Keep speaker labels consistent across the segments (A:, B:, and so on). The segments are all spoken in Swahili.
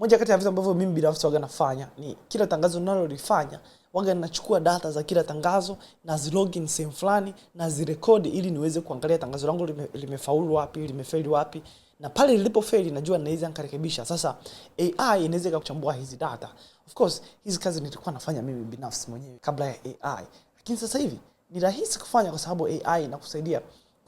A: Moja kati ya vitu ambavyo mimi binafsi waga nafanya ni kila tangazo ninalolifanya waga ninachukua data za kila tangazo na zilogin sehemu fulani na zirekodi, ili niweze kuangalia tangazo langu lime, limefaulu wapi, limefeli wapi, na pale lilipo feli najua naweza nkarekebisha Sasa AI inaweza ikakuchambua hizi data. Of course hizi kazi nilikuwa nafanya mimi binafsi mwenyewe kabla ya AI, lakini sasa hivi ni rahisi kufanya kwa sababu AI inakusaidia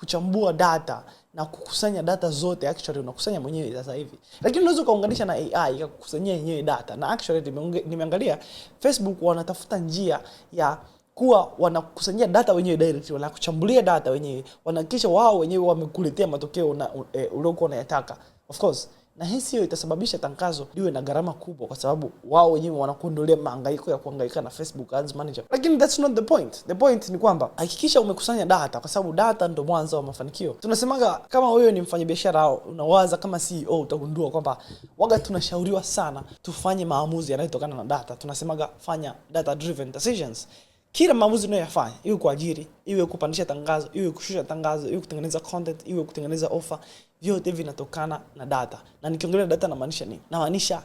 A: kuchambua data na kukusanya data zote, actually unakusanya mwenyewe sasa hivi, lakini unaweza ukaunganisha na AI ikakukusanyia yenyewe data. Na actually nimeangalia Facebook wanatafuta njia ya kuwa wanakusanyia data wenyewe direct, wanakuchambulia data wenyewe, wanahakikisha wao wenyewe wamekuletea matokeo eh, uliokuwa unayataka of course na hesi hiyo itasababisha tangazo liwe na gharama kubwa, kwa sababu wao wenyewe wanakuondolea mahangaiko ya kuhangaika na Facebook ads manager. Lakini that's not the point. The point ni kwamba hakikisha umekusanya data, kwa sababu data ndo mwanzo wa mafanikio. Tunasemaga kama wewe ni mfanyabiashara au unawaza kama CEO, utagundua kwamba waga tunashauriwa sana tufanye maamuzi yanayotokana na data. Tunasemaga fanya data driven decisions kila maamuzi unayoyafanya iwe kuajiri, iwe kupandisha tangazo, iwe kushusha tangazo, iwe kutengeneza content, iwe kutengeneza offer, vyote vinatokana na data. Na nikiongelea data namaanisha nini? Namaanisha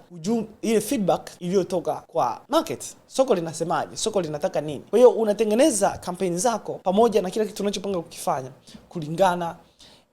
A: ile feedback iliyotoka kwa market, soko linasemaje, soko linataka nini. Kwa hiyo unatengeneza kampeni zako pamoja na kila kitu unachopanga kukifanya kulingana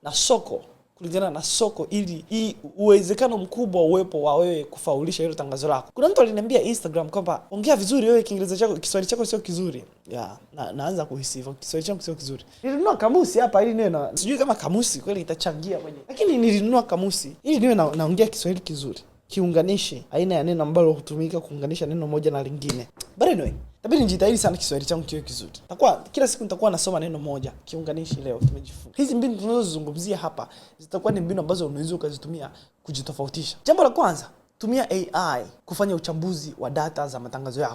A: na soko kulingana na soko ili uwezekano mkubwa uwepo wa wewe kufaulisha hilo tangazo lako. Kuna mtu aliniambia Instagram kwamba ongea vizuri wewe, Kiingereza chako Kiswahili chako sio kizuri. Yeah, na, naanza kuhisi hivyo, Kiswahili changu sio kizuri. Nilinunua kamusi hapa ili niwe na sijui kama kamusi kweli itachangia kwenye, lakini nilinunua kamusi ili niwe na, naongea Kiswahili kizuri kiunganishi, aina ya neno ambalo hutumika kuunganisha neno moja na lingine. But anyway, Tabidi nijitahidi sana Kiswahili changu kiwe kizuri. Takuwa kila siku nitakuwa nasoma neno moja, kiunganishi leo tumejifunza. Hizi mbinu tunazozungumzia hapa zitakuwa ni mbinu ambazo unaweza ukazitumia kujitofautisha. Jambo la kwanza, tumia AI kufanya uchambuzi wa data za matangazo yako.